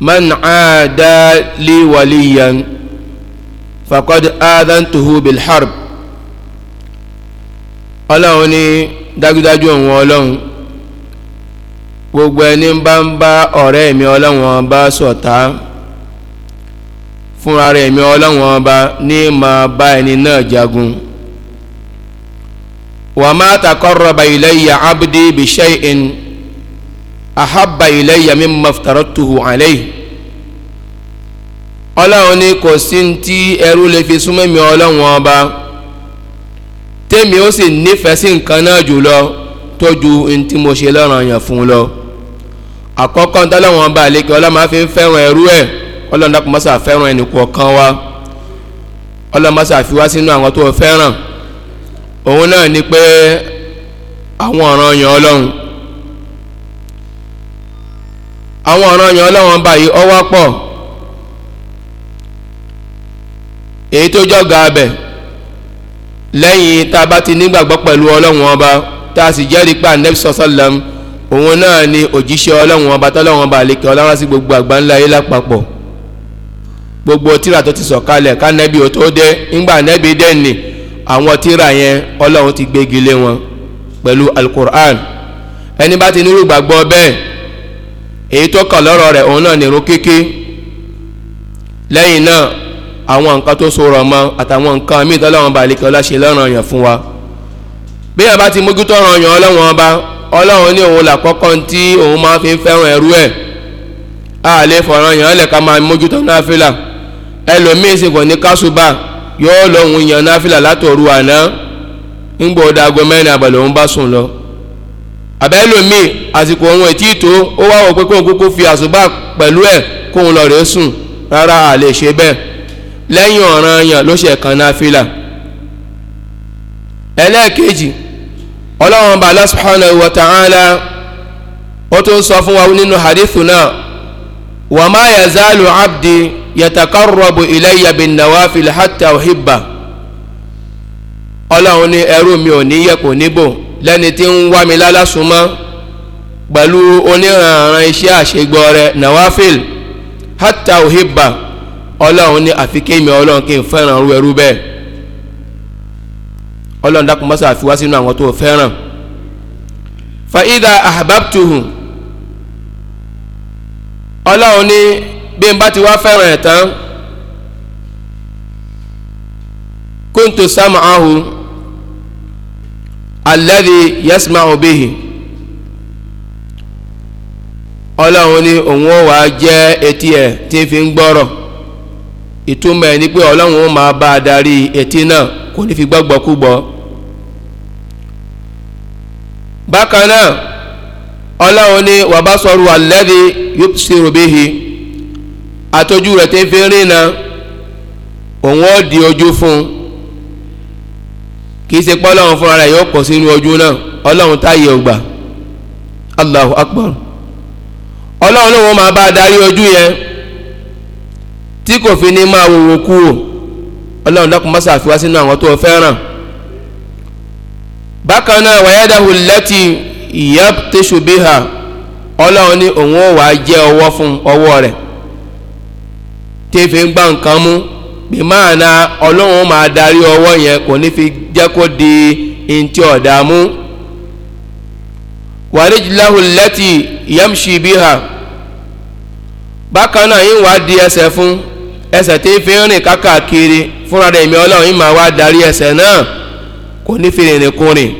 من عادى لي وليا فقد آذنته بالحرب ọlọ́run ní dájúdájú òun ọlọ́run gbogbo ẹni bá ń bá ọ̀rẹ́ mi ọlọ́run ọba ṣọ̀tá fúnra rẹ̀ mi ọlọ́run ọba ní máa bá ẹni náà jagun wa ma taqarraba ilayya abdi bi ahabba ilayya mimma aftaratuhu alayhi ọlọ́run ní kò sí tí ẹrú lè fi súnmọ́ mi ọlọ́run ọba tèmi ó sì nífẹ̀ẹ́ sí nǹkan náà jùlọ tójú ntí mo ṣe lọ́ràn yàn fún un lọ àkọ́kọ́ ntọ́lọ́wọ́n ọba àlekè ọlọ́mọ fi ń fẹ́ràn ẹrú ẹ̀ ọlọ́run dàpọ̀ mọ́sà fẹ́ràn ẹnì kọ̀ọ̀kan wa ọlọ́run mọ́sà fi wá sínú àwọn tó fẹ́ràn òun náà ni pé àwọn ọ̀ràn yàn ọlọ́run àwọn ọ̀ràn yẹn ọlọ́wọ́n báyìí ọwọ́ pọ̀ èyí tó jọ̀gà abẹ lẹ́yìn tá a bá ti nígbàgbọ́ pẹ̀lú ọlọ́wọ́n ọba tá a sì jẹ́rìí pé anabi sọ́sọ́lẹ̀m òun náà ni òjíṣẹ́ ọlọ́wọ́n ọba tọ́lọ́wọ́n ọba àlekè ọlọ́wọ́n sí gbogbo àgbáńlá ayé lápapọ̀ gbogbo tíra tó ti sọ̀kalẹ̀ kánẹ́bí ò tó dé ńgbà nẹ́bí dé nì àwọn tíra yẹn ọlọ́run ti gbégi lé wọn pẹ̀lú alukur'an ẹni bá ti nírú gbàgbọ́ bẹ́ẹ̀ èyí tó kàn lọ́rọ̀ rẹ̀ òun náà nìrún kíkí lẹ́yìn náà àwọn nǹkan tó so rọ̀ mọ́ àtàwọn nǹkan míì tọ́lọ́wọ́n bá àlekẹ́ ọlá ṣe lọ́rọ̀ yàn fún wa bí yàrá ti mójútó ọ̀rọ̀ yàn ọlọ́wọ́n ọba ọlọ́wọ́n ní òun làkọ́kọ́ tí òun máa fi fẹ́ràn ẹrú a lè fọ̀rọ̀ yàn ẹlẹ́ka máa mójútó náfìlà ẹlòmíín sì kò ní kásùbà yóò àbẹ́lòmíì àsìkò ohun ètí ìtò ó wá wọ pé kóhun kúkú fi àsùbà pẹ̀lú ẹ̀ kóhun lọ rèé sùn rárá à lè ṣe bẹ́ẹ̀ lẹ́yìn ọ̀ràn yàn ló ṣe kan náfìlà ẹlẹ́ẹ̀kejì ọlọ́run bá Allah subhanahu wa ta'ala ó tún sọ fún wa nínú hadithu náà wa ma yazalu abdi yatakarrabu ilayya bin nawafil hatta uhibba ọlọ́run ní ẹrú mi ò ní yẹ kò níbò lẹ́ni tí ń wá mi lálásùmọ́ pẹ̀lú oníranran iṣẹ́ àṣegbọ́ rẹ nawafil hatta uhibba ọlọ́run ní àfikémi ọlọ́run kí n fẹ́ràn rú ẹrú bẹ́ẹ̀ ọlọ́run dákun mọ́sá àfiwá sínú àwọn tó fẹ́ràn fa idha ahbabtuhu ọlọ́run ní bí n bá ti wá fẹ́ràn ẹ̀ tán kuntu sam'ahu. alladhi yasma'u obihi ọlọ́run ni òun wà wàá jẹ́ etí ẹ̀ tí fi ń gbọ́rọ̀ ìtumọ̀ ẹ̀ ni pé ọlọ́run máa bá a darí etí náà kò ní fi kú ní wa àtọ́jú rẹ̀ tí fi ń rìn náà òun fún kìí ṣe pọ́ ọlọ́run fúnra rẹ̀ yóò pọ̀ sínú ojú náà ọlọ́run táyé ọgbà Allahu Akbar ọlọ́run lòun máa bá darí ojú yẹn tí kò fi ní máa wòwò kú ọlọ́run dákun mọ́sá sínú àwọn tó fẹ́ràn bákan náà lẹ́tì ọlọ́run ní òun ò wá jẹ́ ọwọ́ fún ọwọ́ rẹ̀ ń gbá nǹkan bìmáàna ọlọ́run máa darí ọwọ́ yẹn kò ní fi jẹ́ kó di ntí ọ̀dà mú. wàríjìláhù lẹ́tì yẹ́mṣì bí hà bákan náà yín wá di ẹsẹ̀ fún ẹsẹ̀ tí fi ń rìn kákàkiri fúnra rẹ̀ mi ọlọ́run yín máa wá darí ẹsẹ̀ náà kò ní fi rìnrìn kùnrin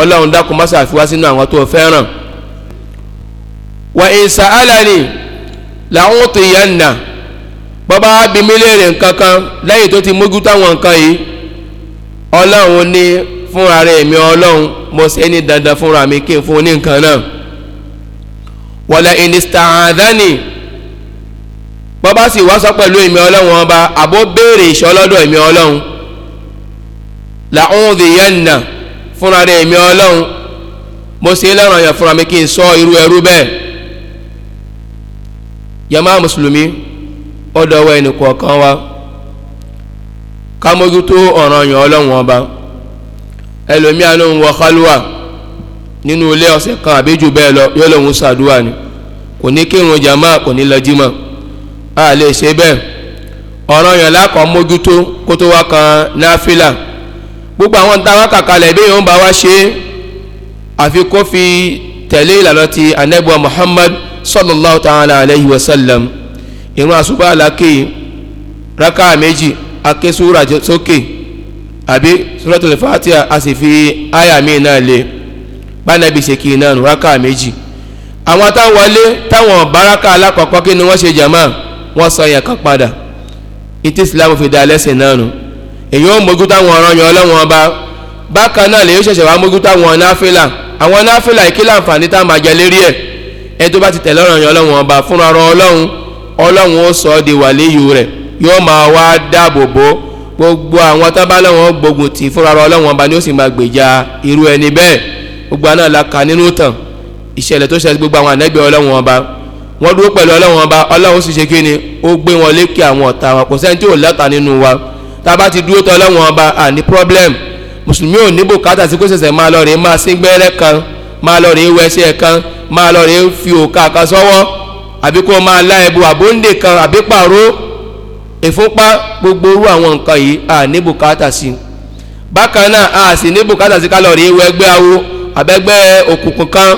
ọlọ́run dákun má ṣàfiwá sínú àwọn tó fẹ́ràn. wà ìsà làwọn tó yẹn nà bọ́bá bí mílíọ̀nù nǹkan kan lẹ́yìn tó ti mójú táwọn nǹkan yìí ọlọ́run ní fúnra rẹ̀ mi ọlọ́run mo ṣe ní dandan fúnra mi kí n fún ní nǹkan náà wọlé ìnistàádánì bọ́bá sì wá sọ pẹ̀lú èmi ọlọ́run ọba àbó béèrè ìṣọ́ lọ́dọ̀ èmi ọlọ́run làwọn òdì yẹn nà fúnra rẹ̀ èmi ọlọ́run mo ṣe lọ́rọ̀ yẹn fúnra mi kí n sọ irú ẹrú bẹ́ẹ̀ yẹn máa ọdọwọ ẹnìkọ̀ọ̀kan wa ká mójútó ọ̀ranyàn ọlọ́run ọba ẹlòmíà ló ń wọ kálúwà nínú ilé ọ̀sẹ̀ kan àbí jù bẹ́ẹ̀ lọ yóò lòun ṣàdúrà ni kò ní kírun jàmá kò ní lọ jímọ̀ a lè ṣe bẹ́ẹ̀ ọ̀ranyàn lákọ̀ mójútó kó tó wá kan náfìlà gbogbo àwọn táwa kàkàlẹ̀ bí yóò bá wá ṣe àfi kó fi tẹ̀lé ìlànà ti anabi Muhammad sallallahu ta'ala alayhi wa sallam ìrun àṣùbà àlàkè raka méjì aké súra sókè àbí suratul fatiha a sì fi àyà míì náà lé bánàbí ṣe kì í náà nù rákà méjì àwọn táwọn wọlé táwọn báraka alákọ̀ọ́kọ́ kí ni wọ́n ṣe jàmá wọ́n sọ yẹn kan padà ìtí islam fi da lẹ́sìn náà nù èyí ó mójútó àwọn ọ̀ranyàn ọlọ́wọ́n ọba bákan náà lè yóò ṣẹ̀ṣẹ̀ wá mójútó àwọn náfìlà àwọn náfìlà ìkílà àǹfààní táwọn àjẹ lérí ẹ̀ tó bá ti tẹ̀lé ọ̀ranyàn ọlọ́wọ́n ọba fúnra ọ̀rọ̀ ọlọ́run ọlọ́run ó sọ ọ́ di wàlíyù rẹ̀ yóò máa wá dáàbò bò gbogbo àwọn tábà lọ́wọ́n gbógun tì fúnra rẹ̀ ọlọ́run ọba ni ó sì máa gbèjà irú ẹni bẹ́ẹ̀ gbogbo àná la kà nínú tàn ìṣẹ̀lẹ̀ tó ṣẹlẹ̀ gbogbo àwọn ànẹ́gbẹ̀ ọlọ́run ọba wọ́n dúró pẹ̀lú ọlọ́run ọba ọlọ́run sì ṣe kí ni ó gbé wọn lékè àwọn ọ̀tá wọn kò sẹ́ni tí ò lẹ́ta nínú wa tábà ti dúró tọ́ ọlọ́run ọba àní problem mùsùlùmí ò ní bùkátà sí kó máa lọ rèé máa sí gbẹ́rẹ́ kan máa lọ rèé wẹsẹ̀ kan máa lọ rèé fi òkà kan sọ́wọ́ àbí kó máa lá ẹbu àbóǹdè kan àbí pàró ìfúnpá gbogbo orú àwọn nǹkan yìí à ní bùkátà sí bákan náà a sì ní bùkátà sí kálọ̀rì ewu ẹgbẹ́ awo àbẹ́gbẹ́ òkùnkùn kan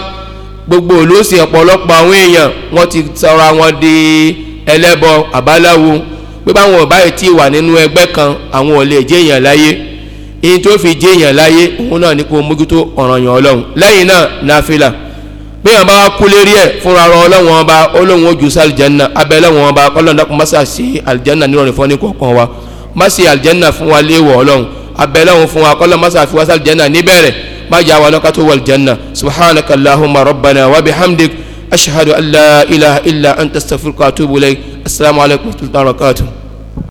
gbogbo olóòsì ọ̀pọ̀lọpọ̀ àwọn èèyàn wọ́n ti sọra wọn di ẹlẹ́bọ àbáláwo pé báwọn ọ̀bá yìí ti wà nínú ẹgbẹ́ kan àwọn ò lè jẹ́ èèyàn láyé èyí tó fi jẹ́ èèyàn láyé òun náà ní kó mójútó ọ̀ranyàn ọlọ́run lẹ́yìn náà náfìlà. Na bí wọn bá wá kú lérí ẹ fúnra rọ ọlọ́wọ́n ọba olóhùn ojú sí alìjẹ́nà abẹ́ ọlọ́wọ́n ọba ọlọ́run dákun má sà sí alìjẹ́nà nírọ̀rùn fún ní kọ̀ọ̀kan wa má sì alìjẹ́nà fún wa léèwọ̀ ọlọ́run abẹ́ ọlọ́run fún wa kọ́lọ́ má sà fi wá sí alìjẹ́nà níbẹ̀rẹ̀ má jà wà lọ́ka wà alìjẹ́nà subhanaka allahumma rabbana wa bihamdik ashhadu an la ilaha illa anta astaghfiruka wa atubu ilayk assalamu alaykum wa rahmatullahi wa barakatuh